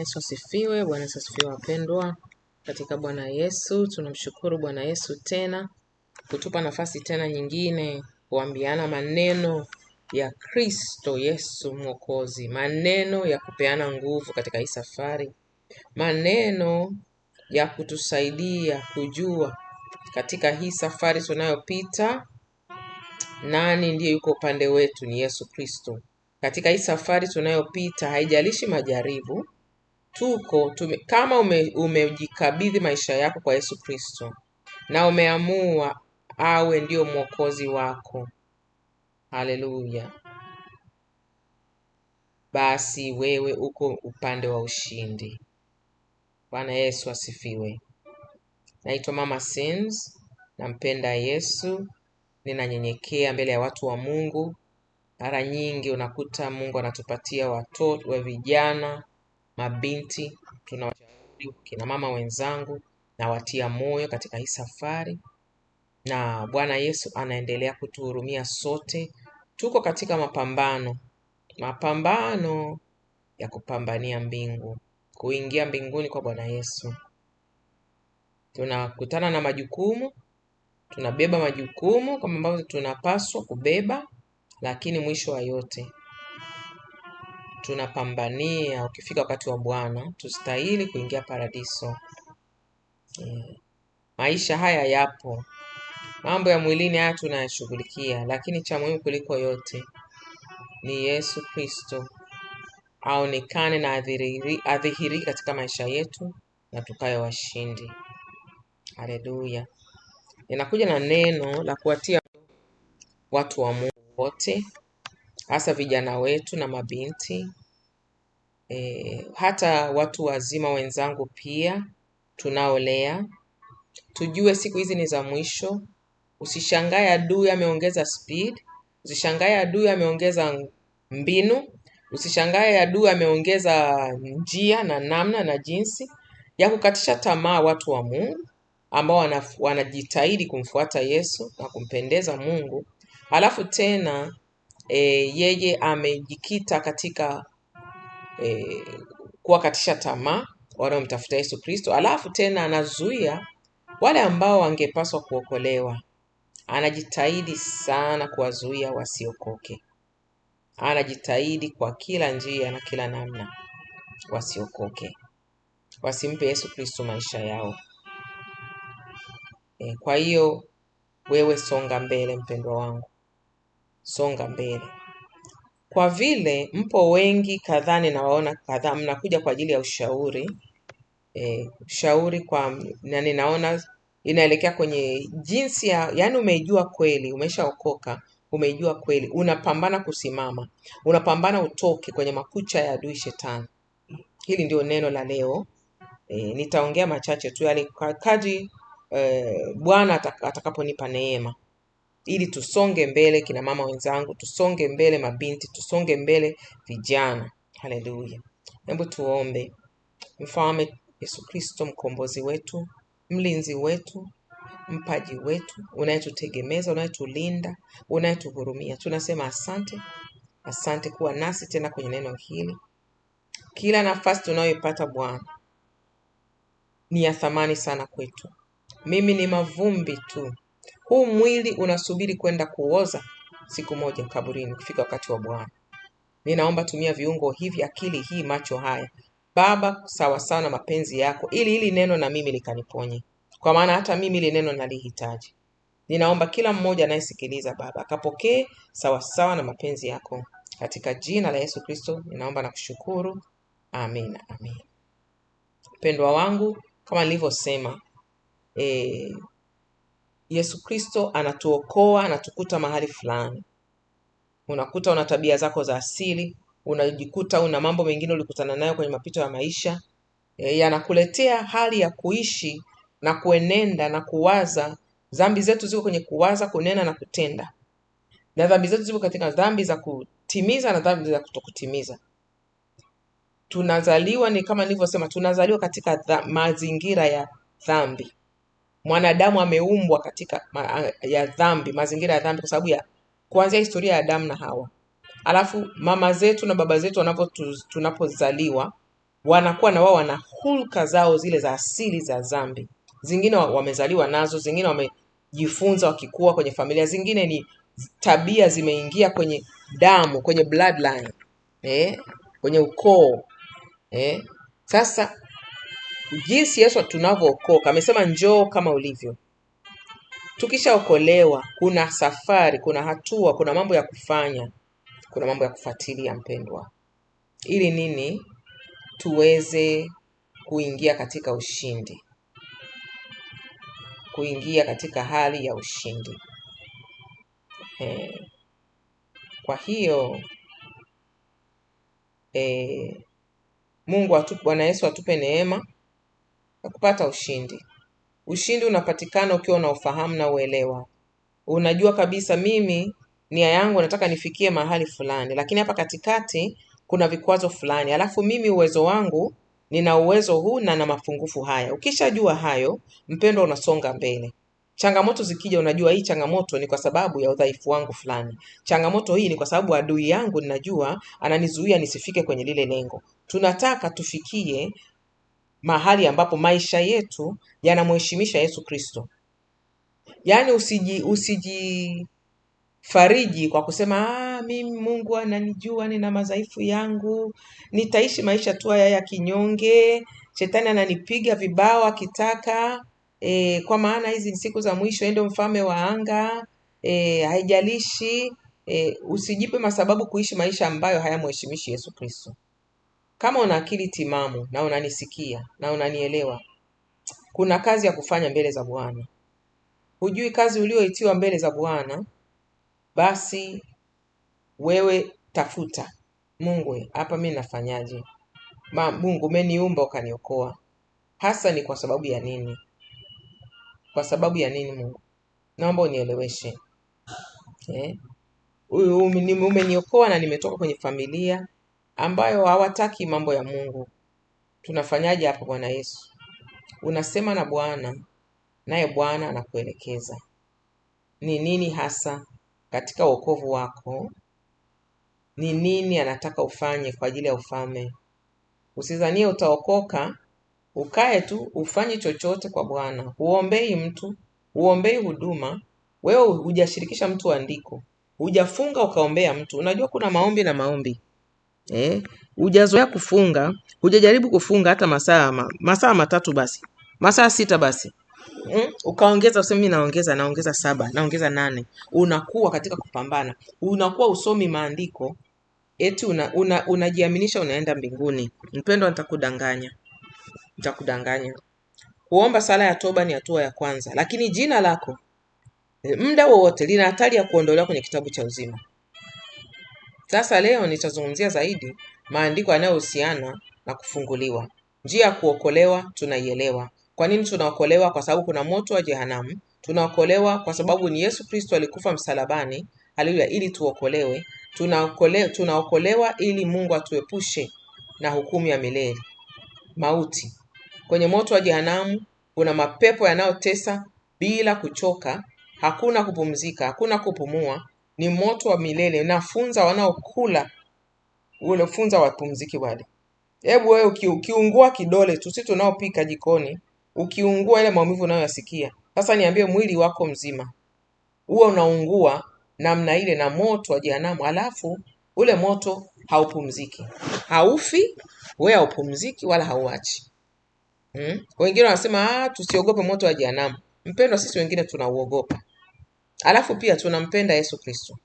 Yesu asifiwe. Bwana Yesu asifiwe, wapendwa katika Bwana Yesu. Tunamshukuru Bwana Yesu tena kutupa nafasi tena nyingine kuambiana maneno ya Kristo Yesu Mwokozi, maneno ya kupeana nguvu katika hii safari, maneno ya kutusaidia kujua katika hii safari tunayopita nani ndiye yuko upande wetu, ni Yesu Kristo. Katika hii safari tunayopita, haijalishi majaribu, tuko tume, kama ume, umejikabidhi maisha yako kwa Yesu Kristo na umeamua awe ndio mwokozi wako, haleluya, basi wewe uko upande wa ushindi. Bwana Yesu asifiwe. Naitwa Mama Sims, nampenda Yesu, ninanyenyekea mbele ya watu wa Mungu. Mara nyingi unakuta Mungu anatupatia watoto wa vijana mabinti, tunawashauri kina mama wenzangu, nawatia moyo katika hii safari, na Bwana Yesu anaendelea kutuhurumia sote. Tuko katika mapambano, mapambano ya kupambania mbingu, kuingia mbinguni kwa Bwana Yesu. Tunakutana na majukumu, tunabeba majukumu kama ambavyo tunapaswa kubeba, lakini mwisho wa yote tunapambania ukifika wakati wa Bwana tustahili kuingia paradiso. E, maisha haya yapo, mambo ya mwilini haya tunayashughulikia, lakini cha muhimu kuliko yote ni Yesu Kristo aonekane na adhihirike katika maisha yetu na tukawe washindi. Haleluya! inakuja na neno la kuwatia watu wa Mungu wote hasa vijana wetu na mabinti e, hata watu wazima wenzangu pia tunaolea. Tujue siku hizi ni za mwisho. Usishangae adui ameongeza speed, usishangae adui ameongeza mbinu, usishangae adui ameongeza njia na namna na jinsi ya kukatisha tamaa watu wa Mungu ambao wanajitahidi kumfuata Yesu na kumpendeza Mungu. Halafu tena e, yeye amejikita katika e, kuwakatisha tamaa wanaomtafuta Yesu Kristo, alafu tena anazuia wale ambao wangepaswa kuokolewa. Anajitahidi sana kuwazuia wasiokoke, anajitahidi kwa kila njia na kila namna wasiokoke, wasimpe Yesu Kristo maisha yao. E, kwa hiyo wewe songa mbele mpendwa wangu, songa mbele. Kwa vile mpo wengi kadhaa, ninawaona kadhaa, mnakuja kwa ajili ya ushauri e, ushauri kwa, na ninaona inaelekea kwenye jinsi ya, yani umeijua kweli, umeshaokoka umeijua kweli, unapambana kusimama, unapambana utoke kwenye makucha ya adui shetani. Hili ndio neno la leo. E, nitaongea machache tu yale yaani kadri e, Bwana atakaponipa neema ili tusonge mbele, kina mama wenzangu, tusonge mbele mabinti, tusonge mbele vijana. Haleluya! Hebu tuombe. Mfalme Yesu Kristo, mkombozi wetu, mlinzi wetu, mpaji wetu, unayetutegemeza, unayetulinda, unayetuhurumia, tunasema asante, asante kuwa nasi tena kwenye neno hili. Kila nafasi tunayoipata Bwana ni ya thamani sana kwetu. Mimi ni mavumbi tu, huu mwili unasubiri kwenda kuoza siku moja kaburini, kufika wakati wa Bwana. Ninaomba tumia viungo hivi, akili hii, macho haya Baba, sawasawa na mapenzi yako, ili hili neno na mimi likaniponye, kwa maana hata mimi ili neno nalihitaji. Ninaomba kila mmoja anayesikiliza Baba akapokee sawasawa na mapenzi yako, katika jina la Yesu Kristo ninaomba na kushukuru, amin, amin. Mpendwa wangu, kama nilivyosema eh, Yesu Kristo anatuokoa, anatukuta mahali fulani. Unakuta una tabia zako za asili, unajikuta una mambo mengine ulikutana nayo kwenye mapito ya maisha, e, yanakuletea hali ya kuishi na kuenenda na kuwaza. Dhambi zetu ziko kwenye kuwaza, kunena na kutenda, na dhambi zetu ziko katika dhambi za kutimiza na dhambi za kutokutimiza. Tunazaliwa ni kama nilivyosema, tunazaliwa katika mazingira ya dhambi mwanadamu ameumbwa katika ma, ya dhambi, mazingira ya dhambi, kwa sababu ya kuanzia historia ya Adamu na Hawa. Alafu mama zetu na baba zetu wanapo tunapozaliwa wanakuwa na wao wana hulka zao zile za asili za dhambi. Zingine wamezaliwa nazo, zingine wamejifunza wakikuwa kwenye familia, zingine ni tabia zimeingia kwenye damu, kwenye bloodline, eh, kwenye ukoo eh. Sasa jinsi Yesu tunavyookoka. Amesema njoo kama ulivyo. Tukishaokolewa kuna safari, kuna hatua, kuna mambo ya kufanya, kuna mambo ya kufuatilia, mpendwa, ili nini? Tuweze kuingia katika ushindi, kuingia katika hali ya ushindi. e. kwa hiyo e. Mungu atupe, Bwana Yesu atupe neema na kupata ushindi. Ushindi unapatikana ukiwa na ufahamu na uelewa. Unajua kabisa mimi nia yangu nataka nifikie mahali fulani, lakini hapa katikati kuna vikwazo fulani, alafu mimi uwezo wangu nina uwezo huu na na mapungufu haya. Ukishajua hayo, mpendwa, unasonga mbele. Changamoto zikija, unajua hii changamoto ni kwa sababu ya udhaifu wangu fulani. Changamoto hii ni kwa sababu adui yangu ninajua ananizuia nisifike kwenye lile lengo. Tunataka tufikie mahali ambapo maisha yetu yanamheshimisha Yesu Kristo. Yaani usiji usijifariji kwa kusema ah, mimi Mungu ananijua, nina madhaifu yangu, nitaishi maisha tu haya ya kinyonge, shetani ananipiga vibao akitaka e, kwa maana hizi ni siku za mwisho, endo mfalme wa anga e, haijalishi e, usijipe masababu kuishi maisha ambayo hayamheshimishi Yesu Kristo. Kama una akili timamu na unanisikia na unanielewa, kuna kazi ya kufanya mbele za Bwana. Hujui kazi ulioitiwa mbele za Bwana? Basi wewe tafuta Mungu, hapa mi nafanyaje? Mungu umeniumba ukaniokoa, hasa ni kwa sababu ya nini? Kwa sababu ya nini? Mungu, naomba unieleweshe eh? Umeniokoa na nimetoka kwenye familia ambayo hawataki mambo ya Mungu. Tunafanyaje hapa Bwana Yesu? Unasema na Bwana, naye Bwana anakuelekeza ni nini hasa katika wokovu wako, ni nini anataka ufanye kwa ajili ya ufalme. Usizanie utaokoka ukae tu ufanye chochote kwa Bwana, huombei mtu, huombei huduma, wewe hujashirikisha mtu andiko, hujafunga ukaombea mtu. Unajua kuna maombi na maombi eh, hujazoea kufunga, hujajaribu kufunga hata masaa ma, masaa matatu basi, masaa sita basi mm? Ukaongeza useme mimi naongeza naongeza saba naongeza nane, unakuwa katika kupambana, unakuwa usomi maandiko eti una, unajiaminisha una unaenda mbinguni. Mpendwa, nitakudanganya, nitakudanganya. Kuomba sala ya toba ni hatua ya kwanza, lakini jina lako eh, muda wowote lina hatari ya kuondolewa kwenye kitabu cha uzima. Sasa leo nitazungumzia zaidi maandiko yanayohusiana na kufunguliwa. Njia ya kuokolewa tunaielewa. Kwa nini tunaokolewa? Kwa sababu kuna moto wa jehanamu. Tunaokolewa kwa sababu ni Yesu Kristo alikufa msalabani, haleluya, ili tuokolewe. Tunaokole, tunaokolewa ili Mungu atuepushe na hukumu ya milele, mauti. Kwenye moto wa jehanamu kuna mapepo yanayotesa bila kuchoka, hakuna kupumzika, hakuna kupumua, ni moto wa milele nafunza wanaokula ule funza wapumziki wale. Hebu wewe uki, ukiungua kidole tu, sisi tunaopika jikoni, ukiungua ile maumivu unayoyasikia sasa, niambie mwili wako mzima huwa unaungua namna ile na moto wa jehanamu, alafu ule moto haupumziki, haufi wewe, haupumziki wala hauachi. Hmm? Wengine wanasema ah, tusiogope moto wa jehanamu. Mpendwa, sisi wengine tunauogopa. Alafu pia tunampenda Yesu Kristo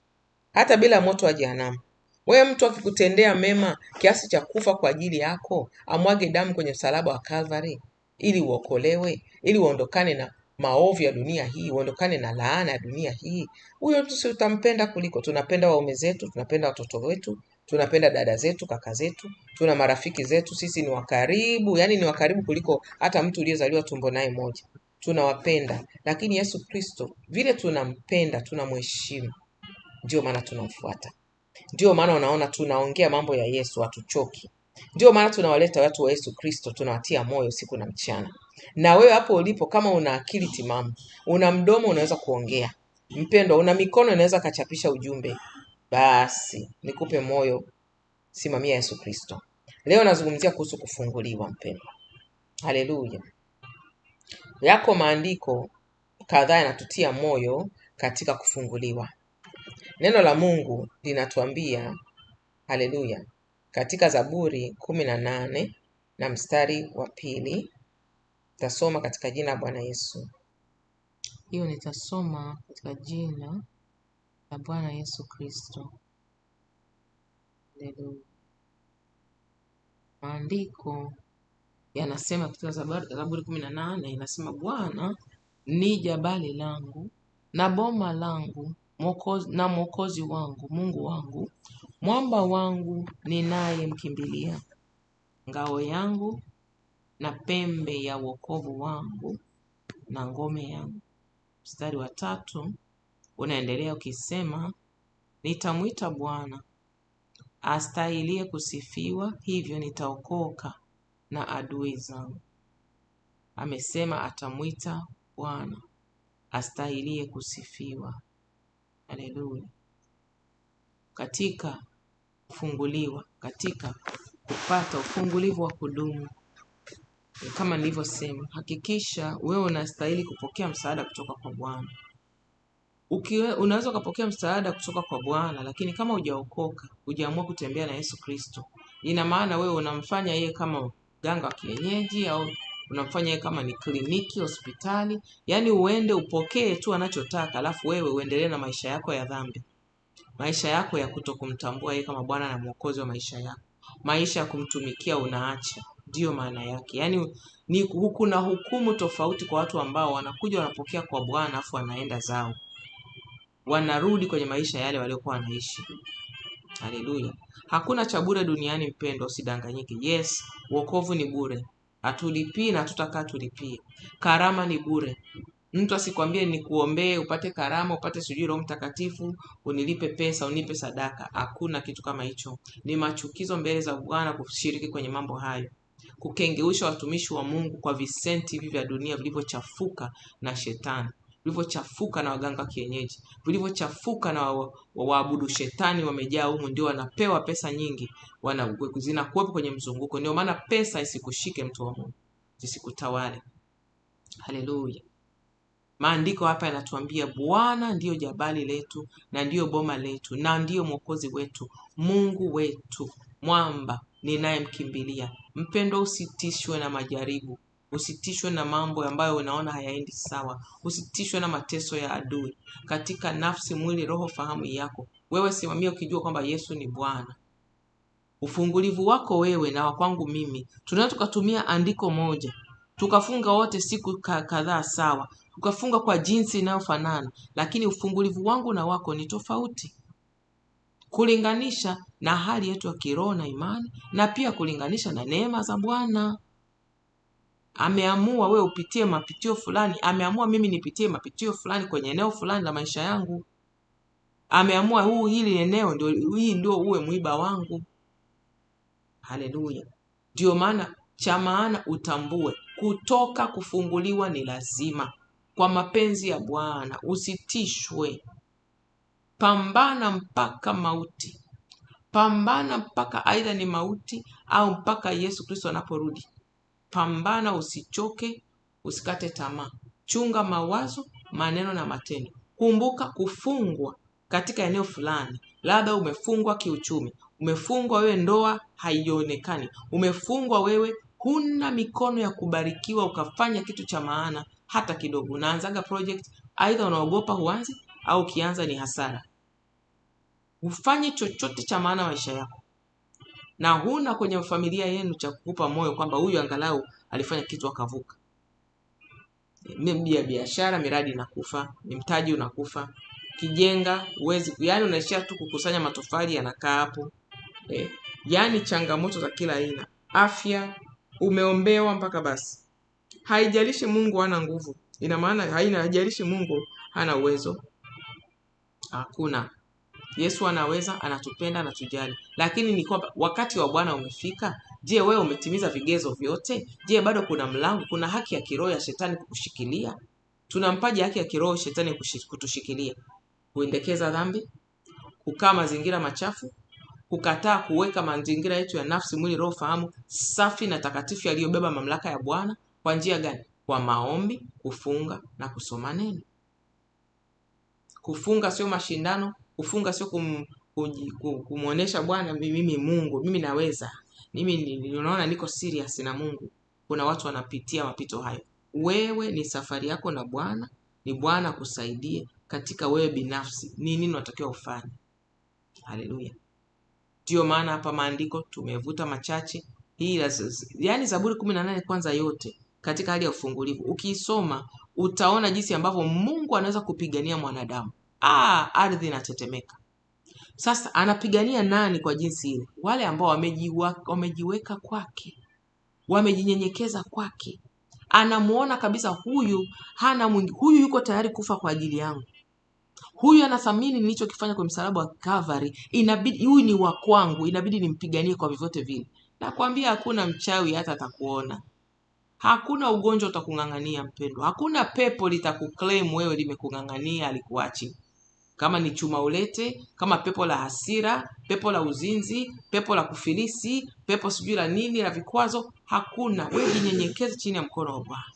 hata bila moto wa jehanamu. Wewe mtu akikutendea mema kiasi cha kufa kwa ajili yako, amwage damu kwenye msalaba wa calvary ili uokolewe, ili uondokane na maovu ya dunia hii, uondokane na laana ya dunia hii, huyo mtu si utampenda kuliko? Tunapenda waume zetu, tunapenda watoto wetu, tunapenda dada zetu, kaka zetu, tuna marafiki zetu, sisi ni wakaribu, yani ni wakaribu kuliko hata mtu uliyezaliwa tumbo naye moja tunawapenda, lakini Yesu Kristo vile tunampenda, tunamheshimu, ndio maana tunamfuata. Ndio maana unaona tunaongea mambo ya Yesu, hatuchoki. Ndio maana tunawaleta watu wa Yesu Kristo, tunawatia moyo siku na mchana. Na wewe hapo ulipo, kama una akili timamu, una mdomo unaweza kuongea, mpendwa, una mikono inaweza kachapisha ujumbe, basi nikupe moyo, simamia Yesu Kristo. Leo nazungumzia kuhusu kufunguliwa, mpendwa. Haleluya! Yako maandiko kadhaa yanatutia moyo katika kufunguliwa. Neno la Mungu linatuambia haleluya, katika Zaburi kumi na nane na mstari wa pili tasoma katika jina la Bwana Yesu. Hiyo nitasoma katika jina la Bwana Yesu Kristo. Haleluya. Maandiko yanasema katika Zaburi kumi na nane inasema, Bwana ni jabali langu na boma langu mwokozi, na mwokozi wangu, Mungu wangu, mwamba wangu ninayemkimbilia, ngao yangu na pembe ya wokovu wangu na ngome yangu. Mstari wa tatu unaendelea ukisema, nitamwita Bwana astahilie kusifiwa, hivyo nitaokoka na adui zangu. Amesema atamwita Bwana astahilie kusifiwa. Haleluya! Katika kufunguliwa, katika kupata ufungulivu wa kudumu, kama nilivyosema, hakikisha wewe unastahili kupokea msaada kutoka kwa Bwana. unaweza ukapokea msaada kutoka kwa Bwana, lakini kama hujaokoka, hujaamua kutembea na Yesu Kristo, ina maana wewe unamfanya yeye kama mganga wa kienyeji au unamfanya kama ni kliniki hospitali, yani uende upokee tu anachotaka, alafu wewe uendelee na maisha yako ya dhambi, maisha yako ya kuto kumtambua yeye kama Bwana na Mwokozi wa maisha yako, maisha ya kumtumikia unaacha. Ndiyo maana yake, yani ni kuna hukumu tofauti kwa watu ambao wanakuja wanapokea kwa Bwana afu wanaenda zao, wanarudi kwenye maisha yale waliokuwa wanaishi. Haleluya. Hakuna cha bure duniani mpendwa, usidanganyike. Yes, wokovu ni bure, hatulipii na tutakaa tulipie. Karama ni bure, mtu asikwambie ni kuombee upate karama upate sijui Roho Mtakatifu unilipe pesa unipe sadaka. Hakuna kitu kama hicho, ni machukizo mbele za Bwana kushiriki kwenye mambo hayo, kukengeusha watumishi wa Mungu kwa visenti hivi vya dunia vilivyochafuka na Shetani vilivyochafuka na waganga kienyeji, vilivyochafuka na waabudu wa, wa shetani wamejaa humu, ndio wanapewa pesa nyingi, zinakuwepo kwenye mzunguko. Ndio maana pesa isikushike mtu wa Mungu, zisikutawale. Haleluya! Maandiko hapa yanatuambia Bwana ndiyo jabali letu na ndiyo boma letu na ndiyo mwokozi wetu, Mungu wetu, mwamba ninayemkimbilia. Mpendwa, usitishwe na majaribu Usitishwe na mambo ambayo unaona hayaendi sawa. Usitishwe na mateso ya adui katika nafsi, mwili, roho, fahamu yako. Wewe simamia ukijua kwamba Yesu ni Bwana. Ufungulivu wako wewe na wakwangu mimi, tunaweza tukatumia andiko moja tukafunga wote siku kadhaa sawa, tukafunga kwa jinsi inayofanana, lakini ufungulivu wangu na wako ni tofauti kulinganisha na hali yetu ya kiroho na imani, na pia kulinganisha na neema za Bwana ameamua we upitie mapitio fulani, ameamua mimi nipitie mapitio fulani kwenye eneo fulani la maisha yangu, ameamua huu hili eneo ndio hii ndio uwe mwiba wangu. Haleluya! Ndio maana cha maana utambue kutoka kufunguliwa ni lazima kwa mapenzi ya Bwana, usitishwe. Pambana mpaka mauti, pambana mpaka aidha ni mauti au mpaka Yesu Kristo anaporudi. Pambana, usichoke, usikate tamaa. Chunga mawazo, maneno na matendo. Kumbuka kufungwa katika eneo fulani, labda umefungwa kiuchumi, umefungwa wewe, ndoa haionekani, umefungwa wewe, huna mikono ya kubarikiwa ukafanya kitu cha maana hata kidogo. Unaanzaga project, aidha unaogopa huanzi, au ukianza ni hasara. Ufanye chochote cha maana maisha yako na huna kwenye familia yenu cha kukupa moyo kwamba huyu angalau alifanya kitu akavuka. Mimi ya biashara miradi inakufa, ni mtaji unakufa, kijenga uwezi, yani unaishia tu kukusanya matofali yanakaa hapo eh, yani changamoto za kila aina, afya umeombewa mpaka basi. Haijalishi Mungu hana nguvu, ina maana haina, haijalishi Mungu hana uwezo, hakuna Yesu anaweza, anatupenda, anatujali. Lakini ni kwamba wakati wa Bwana umefika. Je, wewe umetimiza vigezo vyote? Je, bado kuna mlango? Kuna haki ya kiroho ya shetani kukushikilia? Tunampaje haki ya kiroho shetani kutushikilia? Kuendekeza dhambi, kukaa mazingira machafu, kukataa kuweka mazingira yetu ya nafsi, mwili, roho, fahamu safi na takatifu yaliyobeba mamlaka ya Bwana. Kwa njia gani? Kwa maombi, kufunga na kusoma neno. Kufunga sio mashindano, Kufunga sio kum, kumwonyesha Bwana mimi Mungu, mimi naweza, mimi unaona niko serious na Mungu. Kuna watu wanapitia mapito hayo. Wewe ni safari yako na Bwana, ni Bwana akusaidie katika wewe binafsi, ni nini unatakiwa ufanye. Haleluya! Ndiyo maana hapa maandiko tumevuta machache hii, yani Zaburi kumi na nane kwanza yote katika hali ya ufungulivu, ukiisoma utaona jinsi ambavyo Mungu anaweza kupigania mwanadamu ah, ardhi inatetemeka. Sasa anapigania nani kwa jinsi ile? Wale ambao wamejiwa, wamejiweka kwake, wamejinyenyekeza kwake. Anamuona kabisa huyu hana mwingi, huyu yuko tayari kufa kwa ajili yangu huyu anathamini nilichokifanya kwa msalaba wa Calvary, inabidi huyu ni wa kwangu, inabidi nimpiganie kwa vyovyote vile. Nakwambia hakuna mchawi hata atakuona, hakuna ugonjwa utakung'ang'ania mpendwa, hakuna pepo litakuclaim wewe, limekung'ang'ania alikuachi kama ni chuma ulete, kama pepo la hasira, pepo la uzinzi, pepo la kufilisi, pepo sijui la nini la vikwazo, hakuna. Wewe jinyenyekeze chini ya mkono wa Bwana.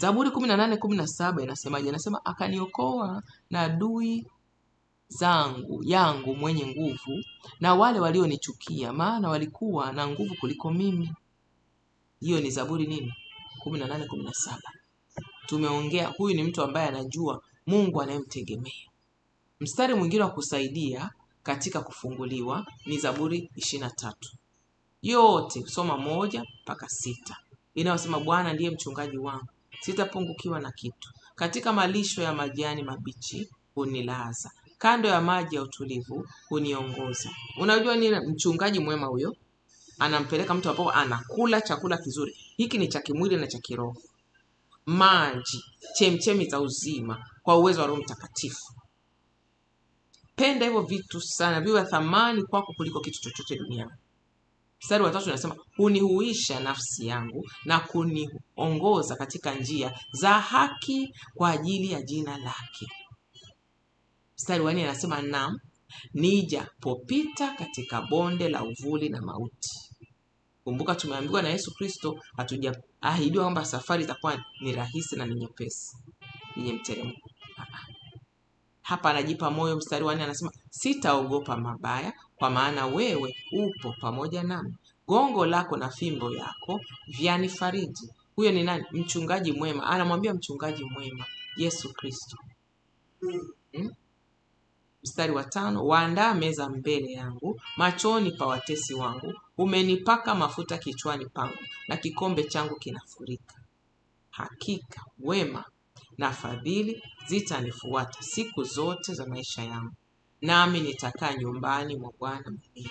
Zaburi kumi na nane kumi na saba inasemaje? Inasema akaniokoa na adui zangu yangu mwenye nguvu na wale walionichukia, maana walikuwa na nguvu kuliko mimi. Hiyo ni Zaburi nini? kumi na nane kumi na saba. Tumeongea, huyu ni mtu ambaye anajua Mungu anayemtegemea. Mstari mwingine wa kusaidia katika kufunguliwa ni Zaburi ishirini na tatu yote soma moja mpaka sita inayosema Bwana ndiye mchungaji wangu, sitapungukiwa na kitu. Katika malisho ya majani mabichi hunilaza, kando ya maji ya utulivu huniongoza. Unajua ni mchungaji mwema huyo, anampeleka mtu ambapo anakula chakula kizuri. Hiki ni cha kimwili na cha kiroho, maji, chemchemi za uzima, kwa uwezo wa Roho Mtakatifu. Penda hivyo vitu sana, viwe thamani kwako kuliko kitu chochote duniani. Mstari watatu tatu unasema hunihuisha nafsi yangu na kuniongoza katika njia za haki kwa ajili ya jina lake. Mstari wa anasema nam nijapopita katika bonde la uvuli na mauti. Kumbuka tumeambiwa na Yesu Kristo hatujaahidiwa kwamba safari itakuwa ni rahisi na ni nyepesi yenye mteremko. Hapa anajipa moyo, mstari wa nne anasema sitaogopa mabaya, kwa maana wewe upo pamoja nami, gongo lako na fimbo yako vyani fariji Huyo ni nani? Mchungaji mwema, anamwambia mchungaji mwema Yesu Kristo. Hmm? Mstari wa tano, waandaa meza mbele yangu machoni pa watesi wangu, umenipaka mafuta kichwani pangu, na kikombe changu kinafurika. Hakika wema na fadhili zitanifuata siku zote za maisha yangu, nami nitakaa nyumbani mwa Bwana milele.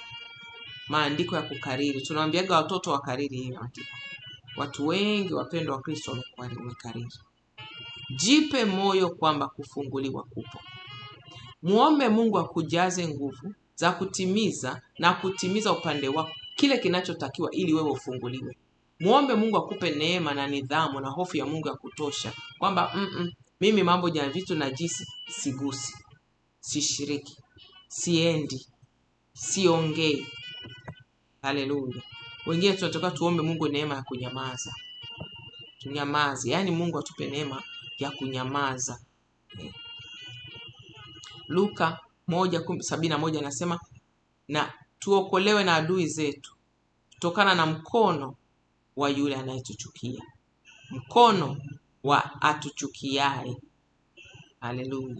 Maandiko ya kukariri, tunawaambiaga watoto wakariri hii maandiko. Watu wengi wapendwa wa Kristo wamekuwa wamekariri. Jipe moyo kwamba kufunguliwa kupo. Muombe Mungu akujaze nguvu za kutimiza na kutimiza upande wako kile kinachotakiwa ili wewe ufunguliwe muombe Mungu akupe neema na nidhamu na hofu ya Mungu ya kutosha, kwamba mm -mm, mimi mambo ya vitu najisi sigusi, sishiriki, siendi, siongei. Haleluya. Wengine tunatoka tuombe Mungu neema ya kunyamaza, tunyamaze, yaani Mungu atupe neema ya kunyamaza. Luka moja sabini na moja anasema na tuokolewe na adui zetu kutokana na mkono wa yule anayetuchukia, mkono wa atuchukiaye. Haleluya!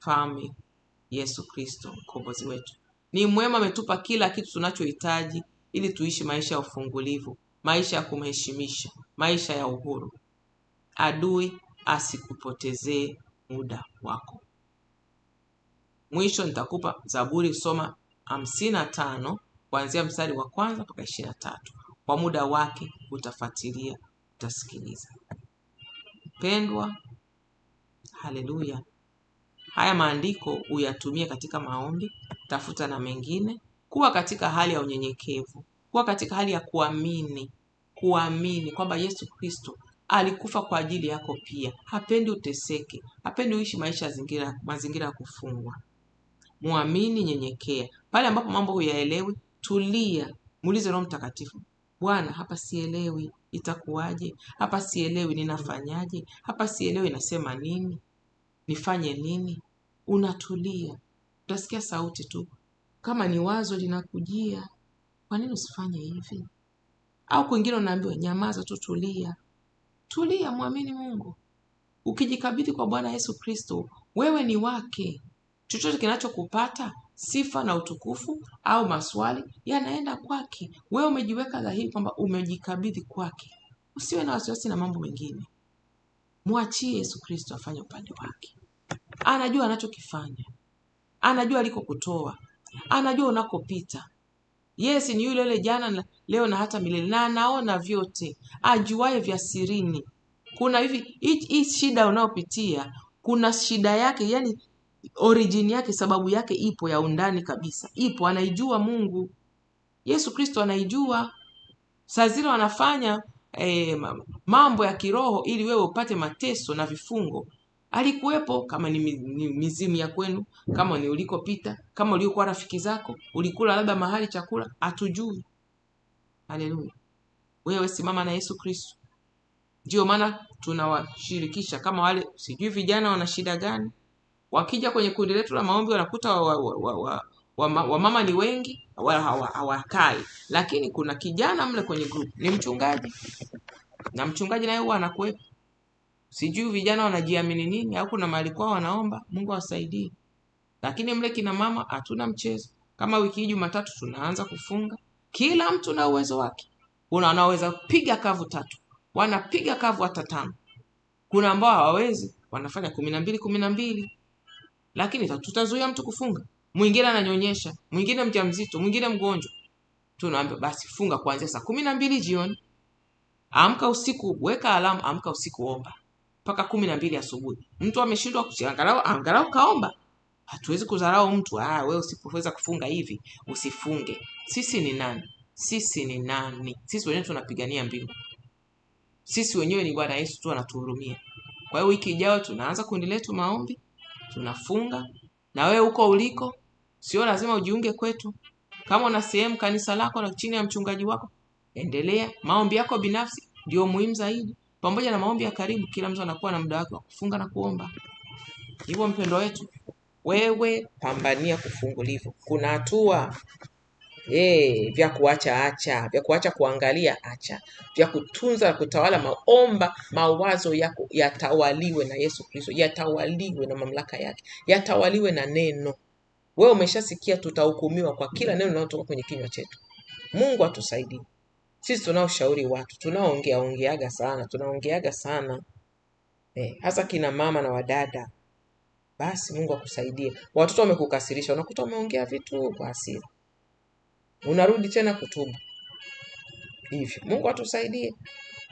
Mfalme Yesu Kristo mkombozi wetu ni mwema, ametupa kila kitu tunachohitaji ili tuishi maisha ya ufungulivu, maisha ya kumheshimisha, maisha ya uhuru. Adui asikupotezee muda wako. Mwisho nitakupa Zaburi soma hamsini na tano kuanzia mstari wa kwanza mpaka ishirini na tatu kwa muda wake utafuatilia utasikiliza pendwa haleluya haya maandiko uyatumie katika maombi tafuta na mengine kuwa katika hali ya unyenyekevu kuwa katika hali ya kuamini kuamini kwamba yesu kristo alikufa kwa ajili yako pia hapendi uteseke hapendi uishi maisha zingira, mazingira ya kufungwa mwamini nyenyekea pale ambapo mambo huyaelewi tulia muulize roho mtakatifu Bwana, hapa sielewi itakuwaje, hapa sielewi ninafanyaje, hapa sielewi nasema nini, nifanye nini. Unatulia, utasikia sauti tu. Kama ni wazo linakujia, kwa nini usifanye hivi? Au kwingine unaambiwa nyamaza tu, tulia. Tulia, mwamini Mungu. Ukijikabidhi kwa Bwana Yesu Kristo, wewe ni wake. Chochote kinachokupata sifa na utukufu au maswali yanaenda kwake. Wewe umejiweka dhahiri kwamba umejikabidhi kwake. Usiwe na wasiwasi na mambo mengine, mwachie Yesu Kristo afanye upande wake. Anajua anachokifanya, anajua alikokutoa, anajua unakopita. Yes, ni yule yule jana, leo na hata milele, na anaona vyote, ajuaye vya sirini. Kuna hivi hii shida unayopitia, kuna shida yake, yani origin yake, sababu yake ipo ya undani kabisa, ipo anaijua Mungu. Yesu Kristo anaijua. Saa zile wanafanya eh, mambo ya kiroho ili wewe upate mateso na vifungo. Alikuwepo, kama ni mizimu ya kwenu, kama ni ulikopita, kama uliokuwa rafiki zako, ulikula labda mahali chakula, hatujui. Haleluya! Wewe simama na Yesu Kristo. Ndiyo maana tunawashirikisha kama wale, sijui vijana wana shida gani Wakija kwenye kundi letu la maombi wanakuta wa, wa, wa, wa, wa, wa wa mama ni wengi wala hawakai, lakini kuna kijana mle kwenye group ni mchungaji, na mchungaji naye huwa anakuwepo. Sijui vijana wanajiamini nini, au kuna mahali kwao wanaomba Mungu awasaidie. Lakini mle kina mama hatuna mchezo. Kama wiki hii Jumatatu tunaanza kufunga, kila mtu na uwezo wake. Kuna wanaweza piga kavu tatu, wanapiga kavu hata tano. Kuna ambao hawawezi, wanafanya kumi na mbili kumi na mbili lakini tutazuia mtu kufunga. Mwingine ananyonyesha, mwingine mjamzito, mwingine mgonjwa. Tunaambia basi funga kuanzia saa kumi na mbili jioni, amka usiku, weka alamu, amka usiku, omba mpaka kumi na mbili asubuhi. Mtu ameshindwa angalau angalau kaomba. Hatuwezi kudharau mtu, ah, wewe usipoweza kufunga hivi usifunge. Sisi ni nani? Sisi ni nani? Sisi wenyewe tunapigania mbingu, sisi wenyewe ni Bwana Yesu tu anatuhurumia. Kwa hiyo wiki ijayo tunaanza kundi letu maombi tunafunga. Na wewe huko uliko, sio lazima ujiunge kwetu. Kama una sehemu kanisa lako na chini ya mchungaji wako, endelea. Maombi yako binafsi ndio muhimu zaidi, pamoja na maombi ya karibu. Kila mtu anakuwa na muda wake wa kufunga na kuomba. Hivyo mpendo wetu, wewe pambania kufungulivu. Kuna hatua eh, vya kuacha acha, vya kuacha kuangalia acha, vya kutunza na kutawala maomba, mawazo yako yatawaliwe na Yesu Kristo, yatawaliwe na mamlaka yake, yatawaliwe na neno. Wewe umeshasikia tutahukumiwa kwa kila neno linalotoka kwenye kinywa chetu. Mungu atusaidie sisi tunaoshauri watu, tunaoongea ongeaga sana, tunaongeaga sana eh, hasa eh, kina mama na wadada. Basi Mungu akusaidie. Watoto wamekukasirisha, unakuta umeongea vitu kwa hasira unarudi tena kutubu. Hivyo Mungu atusaidie.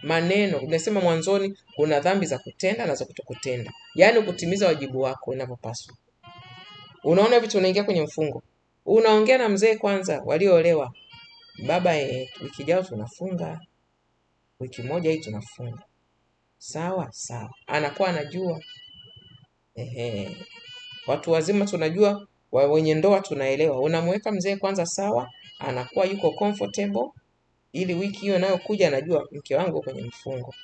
Maneno umesema mwanzoni, kuna dhambi za kutenda na za kutokutenda, yaani kutimiza wajibu wako inavyopaswa. Unaona vitu, unaingia kwenye mfungo, unaongea na mzee kwanza, walioolewa, baba e, wiki jao tunafunga, wiki moja hii tunafunga. Sawa sawa, anakuwa anajua. Ehe, watu wazima tunajua, wenye ndoa tunaelewa. Unamweka mzee kwanza, sawa anakuwa yuko comfortable, ili wiki hiyo inayokuja anajua mke wangu kwenye mfungo.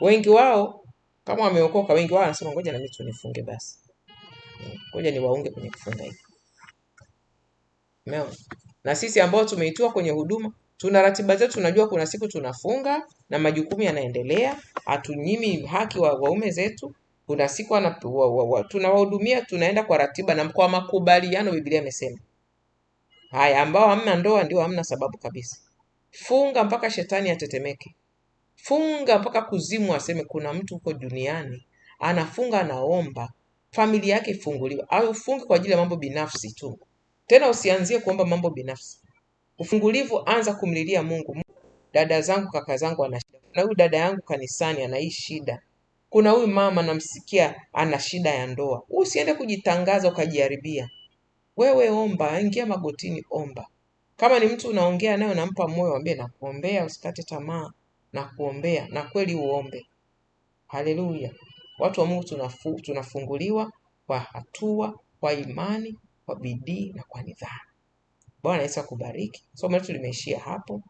Wengi wao kama wameokoka, wengi wao wanasema ngoja na mimi nifunge basi, ngoja niwaunge kwenye kufunga hiyo. Umeona? Na sisi ambao tumeitua kwenye huduma tuna ratiba zetu, tunajua kuna siku tunafunga na majukumu yanaendelea, hatunyimi haki wa waume zetu. Kuna siku wa, wa, wa, tunawahudumia, tunaenda kwa ratiba na kwa makubaliano, Biblia imesema Haya, ambao hamna ndoa ndio hamna sababu kabisa. Funga mpaka shetani atetemeke, funga mpaka kuzimu aseme kuna mtu huko duniani anafunga, anaomba familia yake ifunguliwe. Au ufunge kwa ajili ya mambo binafsi tu, tena usianzie kuomba mambo binafsi. Ufungulivu anza kumlilia Mungu. dada zangu, kaka zangu ana shida, kuna huyu dada yangu kanisani ana hii shida, kuna huyu mama namsikia ana shida ya ndoa. Usiende kujitangaza ukajiharibia. Wewe omba, ingia magotini, omba. Kama ni mtu unaongea naye, unampa moyo, ambie nakuombea, usikate tamaa, nakuombea, na kweli uombe. Haleluya! Watu wa Mungu tunafu, tunafunguliwa kwa hatua, kwa imani, kwa bidii na kwa nidhamu. Bwana Yesu akubariki. Somo letu limeishia hapo.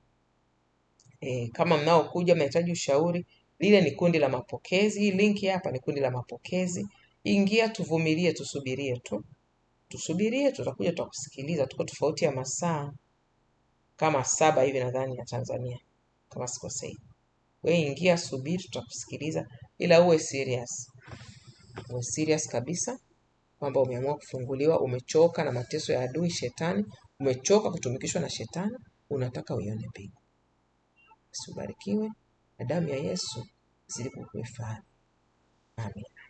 E, kama mnaokuja mnahitaji ushauri, lile ni kundi la mapokezi. Hii linki hapa ni kundi la mapokezi. Ingia, tuvumilie, tusubirie tu tusubirie, tutakuja tutakusikiliza. Tuko tofauti ya masaa kama saba hivi nadhani ya Tanzania kama sikosei. We ingia, subiri, tutakusikiliza, ila uwe serious, uwe serious kabisa kwamba umeamua kufunguliwa, umechoka na mateso ya adui shetani, umechoka kutumikishwa na shetani, unataka uione pigo subarikiwe ubarikiwe na damu ya Yesu zidi kukuhifadhi. Amen.